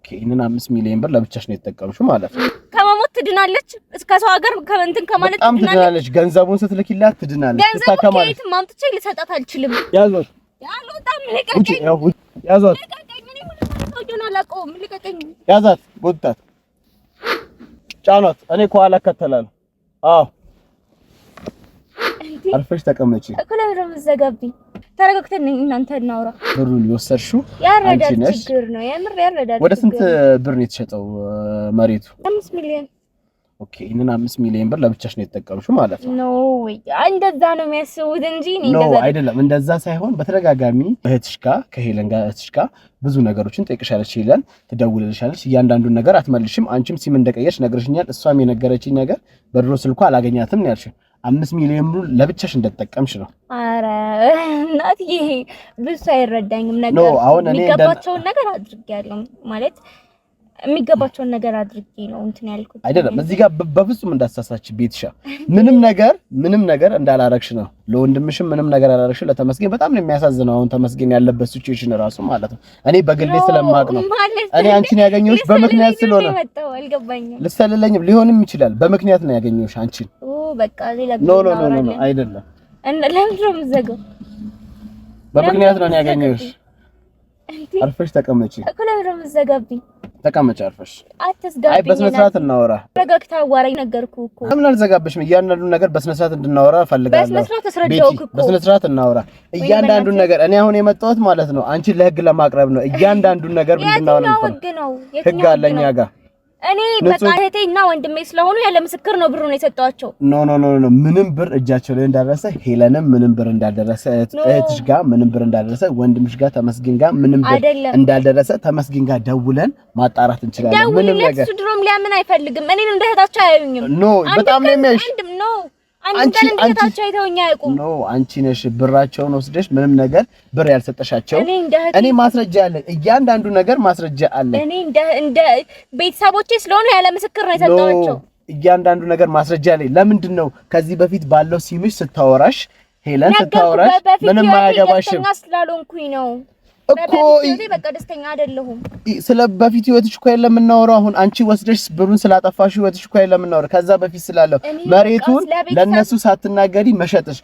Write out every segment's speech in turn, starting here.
ኦኬ ይሄንን አምስት ሚሊዮን ብር ለብቻሽ ነው የተጠቀምሽው ማለት ነው። ከመሞት ትድናለች። እስከ ሰው ሀገር ከእንትን ከማለት ትድናለች። ገንዘቡን ስትልኪላት ትድናለች። ገንዘቡ ከየት ማምጥቼ ልሰጣት አልችልም። ያዟት፣ አልወጣም። ልቀቀኝ፣ ያዟት፣ ያዟት፣ ጎትታት፣ ጫኗት። እኔ ከኋላ እከተላለሁ። አዎ፣ አርፈሽ ተቀመጪ። እኮ ለምን ዘጋብኝ? ተረጋግተን እናንተ እናውራ። ብሩን የወሰድሽው ያረዳት ችግር ነው። የምር ያረዳት። ወደ ስንት ብር ነው የተሸጠው መሬቱ? አምስት ሚሊዮን ኦኬ። ይሄንን አምስት ሚሊዮን ብር ለብቻሽ ነው የተጠቀምሽው ማለት ነው? ኖ እንደዛ ነው የሚያስቡት እንጂ ኖ አይደለም። እንደዛ ሳይሆን በተደጋጋሚ እህትሽ ጋር ከሄለን ጋር እህትሽ ጋር ብዙ ነገሮችን ጠይቅሻለች። ሄለን ትደውልልሻለች። እያንዳንዱን ነገር አትመልሽም። አንቺም ሲም እንደቀየርሽ ነግረሽኛል። እሷም የነገረችኝ ነገር በድሮ ስልኳ አላገኛትም ነው አምስት ሚሊዮን ብር ለብቻሽ እንደተጠቀምሽ ነው። አረ እናት ይሄ ብዙ አይረዳኝም ነገር አሁን እኔ የሚገባቸውን ነገር አድርጌያለሁ ማለት የሚገባቸውን ነገር አድርጌ ነው እንትን ያልኩት አይደለም። እዚህ ጋር በፍጹም እንዳሳሳች ቤትሻ ምንም ነገር ምንም ነገር እንዳላረግሽ ነው። ለወንድምሽም ምንም ነገር አላረግሽ። ለተመስገን በጣም ነው የሚያሳዝነው። አሁን ተመስገን ያለበት ሲቹዌሽን ራሱ ማለት ነው። እኔ በግሌ ስለማቅ ነው እኔ አንቺን ያገኘሁሽ በምክንያት ስለሆነ ልሰልለኝም ሊሆንም ይችላል። በምክንያት ነው ያገኘሁሽ አንቺን በቃ ሌላ ጊዜ ነው። አይደለም እንደ ለምንድን ነው የምትዘጋው? በምክንያት ነው ያገኘሁሽ። አርፈሽ ተቀመጪ እኮ ለምንድን ነው የምትዘጋብኝ? ተቀመጪ አርፈሽ። አይ በስነ ስርዓት እናወራ። ረጋግታ አዋራኝ። ነገርኩህ እኮ ለምን አልዘጋብሽም? እያንዳንዱን ነገር በስነ ስርዓት እንድናወራ እፈልጋለሁ። በስነ ስርዓት እናወራ እያንዳንዱን ነገር። እኔ አሁን የመጣሁት ማለት ነው አንቺን ለህግ ለማቅረብ ነው። እያንዳንዱን ነገር እንድናወራ ነው። ህግ አለ እኛ ጋር እኔ በቃ እህቴ እና ወንድሜ ስለሆኑ ያለ ምስክር ነው ብሩን የሰጠኋቸው። ኖ ኖ ኖ ኖ ምንም ብር እጃቸው ላይ እንዳደረሰ ሄለንም ምንም ብር እንዳልደረሰ እህትሽ ጋር ምንም ብር እንዳልደረሰ ወንድምሽ ጋር ተመስግን ጋር ምንም ብር እንዳልደረሰ ተመስግን ጋር ደውለን ማጣራት እንችላለን። ምንም ነገር እሱ ድሮም ሊያምን አይፈልግም። እኔን እንደ እህታቸው አያዩኝም። ኖ በጣም ነው የሚያይሽ። አንቺ ነሽ ብራቸውን ወስደሽ ምንም ነገር ብር ያልሰጠሻቸው። እኔ ማስረጃ አለኝ፣ እያንዳንዱ ነገር ማስረጃ አለኝ። እኔ እንደ ቤተሰቦቼ ስለሆኑ ያለ ምስክር ነው የሰጠኋቸው። እያንዳንዱ ነገር ማስረጃ አለኝ። ለምንድን ነው ከዚህ በፊት ባለው ሲምሽ ስታወራሽ ሄለን ስታወራሽ ምንም አያገባሽም ስላልሆንኩኝ ነው እኮ በቃ ደስተኛ አይደለሁም። ስለ በፊት ህይወትሽ እኮ የለም የምናወራው። አሁን አንቺ ወስደሽ ብሩን ስላጠፋሽ ህይወትሽ እኮ የለም የምናወራው። ከዛ በፊት ስላለው መሬቱን ለነሱ ሳትናገሪ መሸጥሽ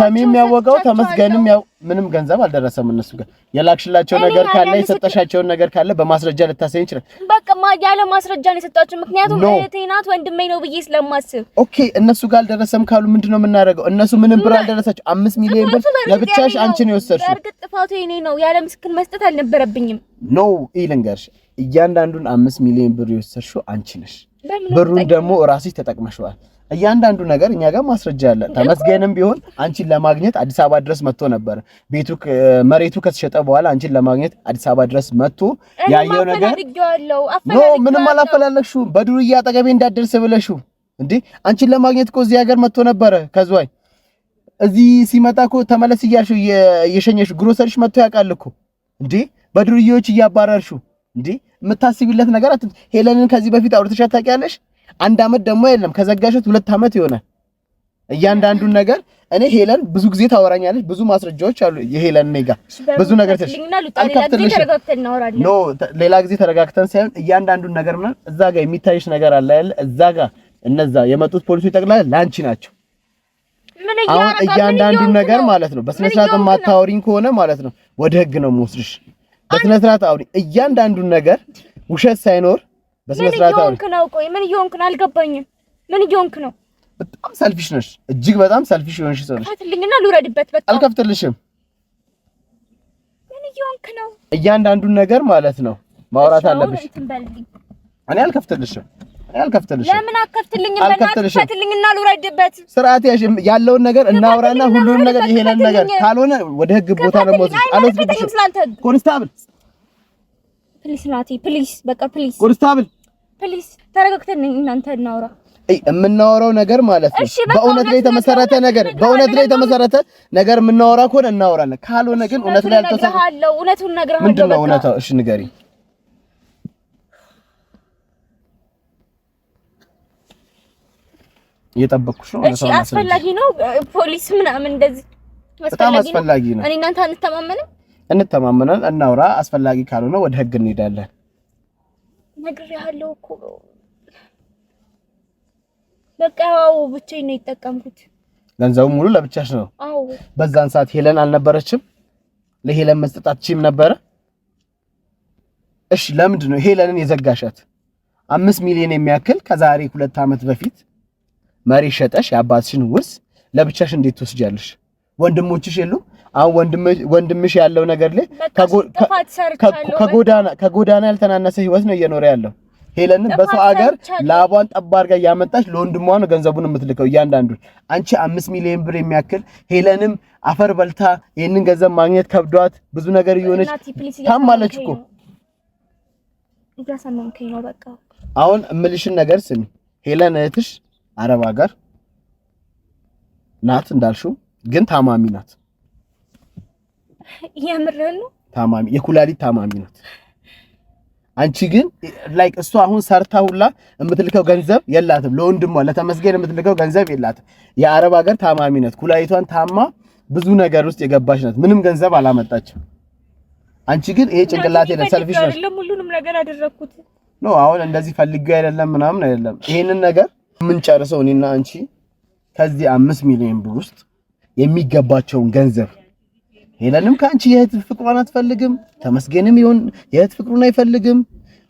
ተሜም ያወቀው ተመስገንም ያው ምንም ገንዘብ አልደረሰም። እነሱ ጋር የላክሽላቸው ነገር ካለ የሰጠሻቸውን ነገር ካለ በማስረጃ ልታሳይ ይችላል። በቃ ያለ ማስረጃ ነው የሰጣችሁ፣ ምክንያቱም እህቴ ናት ወንድሜ ነው ብዬ ስለማስብ። ኦኬ እነሱ ጋር አልደረሰም ካሉ ምንድነው የምናደርገው? እነሱ ምንም ብር አልደረሳችሁ። አምስት ሚሊዮን ብር ለብቻሽ አንቺ ነው የወሰድሽው። በእርግጥ ጥፋቱ የኔ ነው፣ ያለ ምስክር መስጠት አልነበረብኝም። ኖ ይልንገርሽ፣ እያንዳንዱን አምስት ሚሊዮን ብር የወሰድሽው አንቺ ነሽ። ብሩን ደግሞ ራስሽ ተጠቅመሽዋል። እያንዳንዱ ነገር እኛ ጋር ማስረጃ አለ። ተመስገንም ቢሆን አንቺን ለማግኘት አዲስ አበባ ድረስ መጥቶ ነበር። ቤቱ መሬቱ ከተሸጠ በኋላ አንቺን ለማግኘት አዲስ አበባ ድረስ መጥቶ ያየው ነገር ኖ ምንም አላፈላለግሽው በዱርዬ አጠገቤ እንዳደርስ ብለሹ እንዴ አንቺን ለማግኘት እኮ እዚህ ሀገር መጥቶ ነበረ። ከዝዋይ እዚህ ሲመጣ እኮ ተመለስ እያልሽው የሸኘሽው ግሮሰሪሽ መጥቶ ያውቃል እኮ እንዴ በዱርዬዎች እያባረርሽው እንዴ የምታስቢለት ነገር ሄለንን ከዚህ በፊት አውርተሻት ታውቂያለሽ? አንድ አመት ደግሞ የለም ከዘጋሽት ሁለት አመት ይሆናል። እያንዳንዱን ነገር እኔ ሄለን ብዙ ጊዜ ታወራኛለች። ብዙ ማስረጃዎች አሉ የሄለን እኔ ጋር ብዙ ነገር ትልሽ ኖ ሌላ ጊዜ ተረጋግተን ሳይሆን እያንዳንዱን ነገር ምናምን እዛ ጋር የሚታይሽ ነገር አለ ያለ እዛ ጋር እነዛ የመጡት ፖሊሶች ጠቅላላ ላንቺ ናቸው። አሁን እያንዳንዱን ነገር ማለት ነው በስነ ስርዓት የማታወሪኝ ከሆነ ማለት ነው ወደ ህግ ነው የምወስድሽ። በስነ ስርዓት አውሪ እያንዳንዱን ነገር ውሸት ሳይኖር በስነ ስርዓት ምን እየሆንክ ነው? ቆይ ምን እየሆንክ ነው? አልገባኝም። ምን እየሆንክ ነው? በጣም ሰልፊሽ ነሽ። እጅግ በጣም ሰልፊሽ የሆንሽ ሰው ነሽ። ከፍትልኝና ልውረድበት። በቃ አልከፍትልሽም። ምን እየሆንክ ነው? እያንዳንዱን ነገር ማለት ነው ማውራት አለብሽ። እኔ አልከፍትልሽም። እኔ አልከፍትልሽም። ለምን ከፍትልኝና ልውረድበት። ስርዓት ያለውን ነገር እናውራና ሁሉንም ነገር ይሄንን ነገር ካልሆነ ወደ ህግ ቦታ ነው ኮንስታብል ፕሊስ፣ ናቲ ፕሊስ፣ በቃ ፕሊስ፣ ኮንስታብል ፕሊስ ተረጋግተን እናንተ እናውራ። የምናወራው ነገር ማለት ነው በእውነት ላይ የተመሰረተ ነገር በእውነት ላይ የተመሰረተ ነገር የምናወራ ከሆነ እናወራለን፣ ካልሆነ ግን እውነት ላይ አልተሰራለው። እውነቱን ነግረሃለሁ። ምንድን ነው እውነታው? እሺ ንገሪ። እየጠበቅኩሽ ነው። እሺ አስፈላጊ ነው ፖሊስ ምናምን እንደዚህ በጣም አስፈላጊ ነው። እኔ እናንተ አንተማመንም፣ እንተማመናል። እናውራ። አስፈላጊ ካልሆነ ወደ ህግ እንሄዳለን። ነግሬሃለሁ እኮ በቃ ያው ብቻዬን ነው የተጠቀምኩት። ገንዘቡ ሙሉ ለብቻሽ ነው? አዎ። በዛን ሰዓት ሄለን አልነበረችም? ለሄለን መስጠት አትችይም ነበረ? እሺ፣ ለምንድን ነው ሄለንን የዘጋሻት? አምስት ሚሊዮን የሚያክል ከዛሬ ሁለት ዓመት በፊት መሬት ሸጠሽ የአባትሽን ውርስ ለብቻሽ እንዴት ትወስጃለሽ? ወንድሞችሽ የሉም? አሁን ወንድምሽ ያለው ነገር ላይ ከጎዳና ከጎዳና ያልተናነሰ ህይወት ነው እየኖረ ያለው። ሄለንን በሰው ሀገር ላቧን ጠብ አድርጋ እያመጣች ለወንድሟ ነው ገንዘቡን የምትልከው እያንዳንዱ። አንቺ አምስት ሚሊዮን ብር የሚያክል ሄለንም አፈር በልታ ይህንን ገንዘብ ማግኘት ከብዷት ብዙ ነገር እየሆነች ታማለች እኮ። አሁን እምልሽን ነገር ስሚ። ሄለን እህትሽ አረብ ሀገር ናት እንዳልሽው ግን ታማሚ ናት። የምርህን ነው? ታማሚ የኩላሊት ታማሚ ናት። አንቺ ግን ላይክ እሷ አሁን ሰርታ ሁላ የምትልከው ገንዘብ የላትም። ለወንድሟ ለተመስገን የምትልከው ገንዘብ የላትም። የአረብ ሀገር ታማሚ ናት። ኩላሊቷን ታማ ብዙ ነገር ውስጥ የገባች ናት። ምንም ገንዘብ አላመጣችም። አንቺ ግን ይሄ ጭንቅላት ነው ሰልፊሽ ነሽ። ሁሉንም ነገር አደረኩት ኖ አሁን እንደዚህ ፈልጌው አይደለም ምናምን አይደለም። ይሄንን ነገር የምንጨርሰው እኔና አንቺ ከዚህ አምስት ሚሊዮን ብር ውስጥ የሚገባቸውን ገንዘብ ሄለንም ከአንቺ የእህት ፍቅሯን አትፈልግም። ተመስገንም ይሁን የእህት ፍቅሩን አይፈልግም።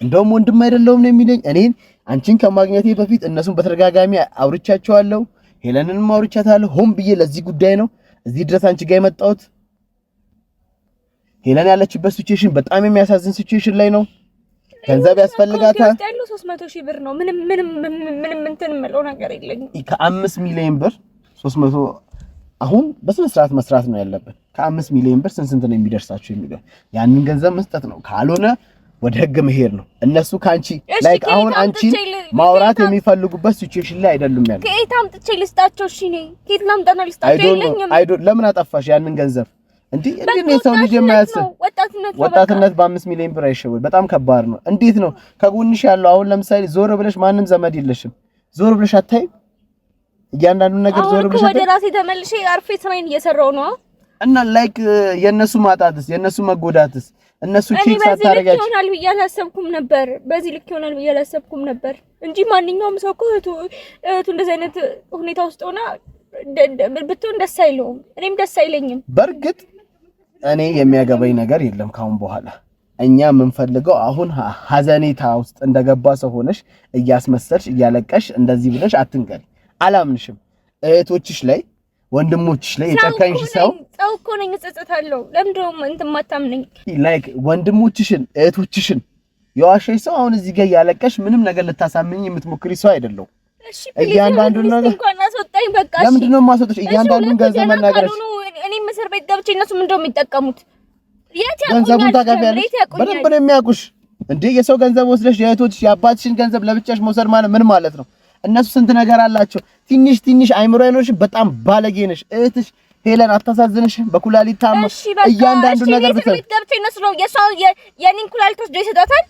እንደውም ወንድም አይደለውም ነው የሚለኝ። እኔን አንቺን ከማግኘቴ በፊት እነሱን በተደጋጋሚ አውርቻቸዋለሁ፣ ሄለንንም አውርቻታለሁ። ሆን ብዬ ለዚህ ጉዳይ ነው እዚህ ድረስ አንቺ ጋር የመጣሁት። ሄለን ያለችበት ሲቹዌሽን በጣም የሚያሳዝን ሲቹዌሽን ላይ ነው። ገንዘብ ያስፈልጋታል። ሦስት 300 ሺህ ብር ነው። ምንም ምንም ምንም እንትን የምለው ነገር የለኝም። ከአምስት ሚሊዮን ብር 300 አሁን በስነ ስርዓት መስራት ነው ያለብን። ከአምስት ሚሊዮን ብር ስንት ነው የሚደርሳቸው የሚለው ያንን ገንዘብ መስጠት ነው። ካልሆነ ወደ ህግ መሄድ ነው። እነሱ ከአንቺ ላይክ አሁን አንቺ ማውራት የሚፈልጉበት ሲቹዌሽን ላይ አይደሉም ያለው። ከየት አምጥቼ ልስጣቸው? እሺ እኔ ከየት ላምጣና ልስጣቸው? የለኝም። ዶንት ለምን አጠፋሽ ያንን ገንዘብ? እንዴ እንዴ ነው ሰው ልጅ የማያስብ ወጣትነት በአምስት ሚሊዮን ብር አይሸወድ። በጣም ከባድ ነው። እንዴት ነው ከጎንሽ ያለው? አሁን ለምሳሌ ዞር ብለሽ ማንም ዘመድ የለሽም። ዞር ብለሽ አታይም እያንዳንዱ ነገር ዞር ብለሽ ወደ ራሴ ተመልሼ አርፌ ስራዬን እየሰራው ነው። እና ላይክ የነሱ ማጣትስ የነሱ መጎዳትስ እነሱ ቼክ ሳታረጋችሁ ይሆናል ብዬ አላሰብኩም ነበር። በዚህ ልክ ይሆናል ብዬ አላሰብኩም ነበር እንጂ ማንኛውም ሰው እኮ እህቱ እህቱ እንደዚህ አይነት ሁኔታ ውስጥ ሆና ብትሆን ደስ አይለውም፣ እኔም ደስ አይለኝም። በእርግጥ እኔ የሚያገባኝ ነገር የለም ካሁን በኋላ እኛ የምንፈልገው አሁን ሀዘኔታ ውስጥ እንደገባ ሰው ሆነሽ እያስመሰልሽ እያለቀሽ እንደዚህ ብለሽ አትንገሪ። አላምንሽም። እህቶችሽ ላይ ወንድሞችሽ ላይ የጨካንሽ ሰው ሰው እኮ ነኝ። እጸጸታለሁ። ለምንድነው እንትን ማታምነኝ? ላይክ ወንድሞችሽን እህቶችሽን የዋሸሽ ሰው አሁን እዚህ ጋር ያለቀሽ ምንም ነገር ልታሳምኝ የምትሞክሪ ሰው አይደለሁ። እያንዳንዱን ነገር እንኳን ለምንድን ነው የማስወጣሽ? እያንዳንዱን ገንዘብ መናገርሽ እኔ እስር ቤት ገብቼ እነሱ ምንድነው የሚጠቀሙት? የት ያቁኛል? ገንዘቡን ታጋቢያለሽ። በደንብ ነው የሚያውቁሽ እንዴ! የሰው ገንዘብ ወስደሽ የእህቶችሽ የአባትሽን ገንዘብ ለብቻሽ መውሰድ ማለት ምን ማለት ነው? እነሱ ስንት ነገር አላቸው። ትንሽ ትንሽ አይምሮ አይኖርሽ። በጣም ባለጌ ነሽ እህትሽ ሄለን አታሳዝንሽ። በኩላሊት ታማ እያንዳንዱ ነገር ብትል ገብቶ እነሱ ነው የሰው የኔን ኩላሊት ወስዶ ይሰጣታል።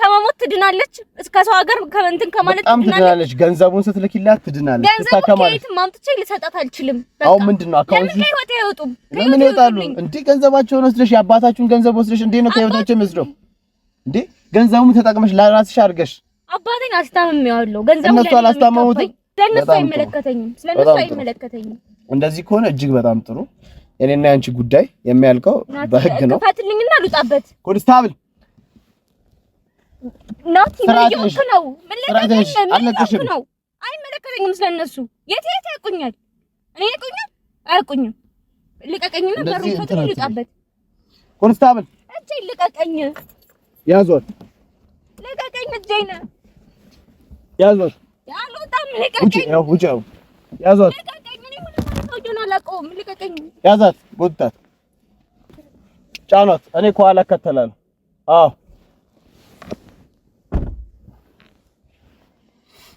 ከመሞት ትድናለች። እስከ ሰው ሀገር ከእንትን ከማለት ትድናለች። ገንዘቡን ስትልኪላት ትድናለች። ገንዘቡን ከየትም አምጥቼ ልሰጣት አልችልም። አሁን ምንድን ነው አካውንት ከህይወቴ አይወጡም። ለምን ይወጣሉ? እንዲህ ገንዘባቸውን ወስደሽ የአባታችሁን ገንዘብ ወስደሽ እንዴ ነው ከህይወታቸው የሚወስደው? እንዴ ገንዘቡን ተጠቅመሽ ለራስሽ አድርገሽ ልጄን አስታምሜዋለሁ። ገንዘብ እነሱ አላስታመሙትም። ስለነሱ አይመለከተኝም። ስለነሱ አይመለከተኝም። እንደዚህ ከሆነ እጅግ በጣም ጥሩ። እኔና ያንቺ ጉዳይ የሚያልቀው በህግ ነው። ፈትልኝና ልውጣበት። ኮንስታብል ናቲ ነው? ምን ልቀቅኝ ነው? አይመለከተኝም። ስለነሱ የት የት ያውቁኛል። እኔ ያውቁኛል አያውቁኝም። ልቀቀኝና በሩን ፈትልኝ፣ ልውጣበት። ኮንስታብል እጄን ልቀቀኝ፣ ያዟት፣ ልቀቀኝ እጄን ያዟት ያዟት፣ ጎትታት ጫኗት። እኔ ከኋላ እከተላለሁ። አዎ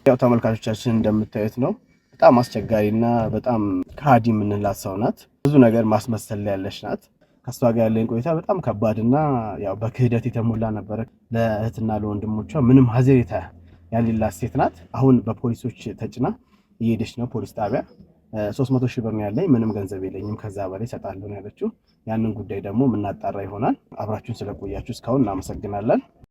ያው ተመልካቾቻችን እንደምታዩት ነው። በጣም አስቸጋሪ እና በጣም ከሃዲ የምንላት ሰው ናት። ብዙ ነገር ማስመሰል ላይ ያለች ናት። ከሷ ጋር ያለኝ ቆይታ በጣም ከባድ እና ያው በክህደት የተሞላ ነበረ። ለእህትና ለወንድሞቿ ምንም ሀዘኔታ ያሌላት ሴት ናት። አሁን በፖሊሶች ተጭና እየሄደች ነው ፖሊስ ጣቢያ። ሶስት መቶ ሺህ ብር ነው ያለኝ፣ ምንም ገንዘብ የለኝም፣ ከዛ በላይ እሰጣለሁ ነው ያለችው። ያንን ጉዳይ ደግሞ የምናጣራ ይሆናል። አብራችሁን ስለቆያችሁ እስካሁን እናመሰግናለን።